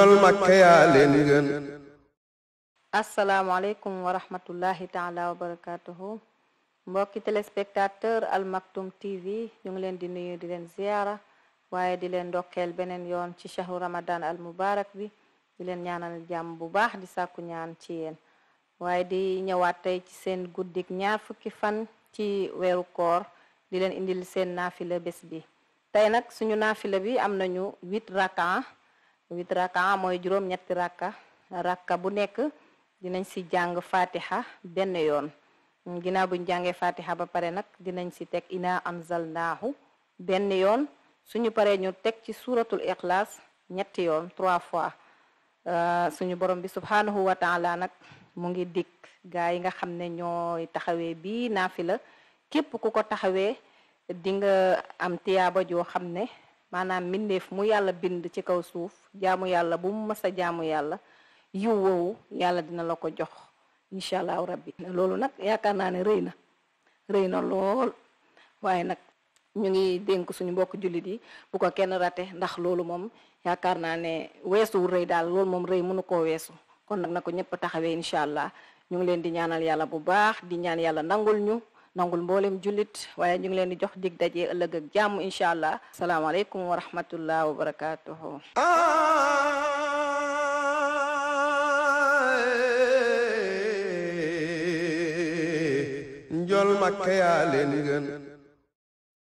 njool makka yaa leen gën taala wa barakatuhu mbokki téléspectateur Al Maktoum TV ñu ngi leen di nuyu di leen ziyaara waaye di leen ndokkeel beneen yoon ci shahru ramadan al mubarak bi di leen ñaanal jàmm bu baax di sàkku ñaan ci yéen waaye di ñëwaat tey ci seen guddik ñaar fukki fan ci weeru koor di leen indil seen naafila bés bi tey nag suñu naafila bi am nañu wit raka huit rakka mooy juróom ñetti rakka rakka bu nekk dinañ si jàng fatiha benn yoon ginnaaw buñ jàngee fatiha ba pare nag dinañ si teg ina anzalnaahu benn yoon suñu paree ñu teg ci suuratul ixlaas ñetti yoon trois fois euh, suñu borom bi subhanahu wa taala nag mu ngi dikk gaa yi nga xam ne ñooy taxawee bii naafila képp ku ko taxawee di nga am tiyaaba joo xam ne maanaam mbindeef mu yàlla bind ci kaw suuf jaamu yàlla bu mu mës a jaamu yàlla yiw woowu yàlla dina la ko jox incha allahu rabbi loolu nag yaakaar naa ne rëy na rëy na lool waaye nag ñu ngi dénk suñu mbokk jullit yi bu ko kenn rate ndax loolu moom yaakaar naa ne weesu rëy daal loolu moom rëy mënu koo weesu kon nag na ko ñëpp taxawee incha allah ñu ngi leen di ñaanal yàlla bu baax di ñaan yàlla nangul ñu nangul mboolem jullit waaye ñu ngi leen di jox dig daje ëllëg ak jàmm incha allah salaamaaleykum wa rahmatullah wa njol makka yaa leen gën.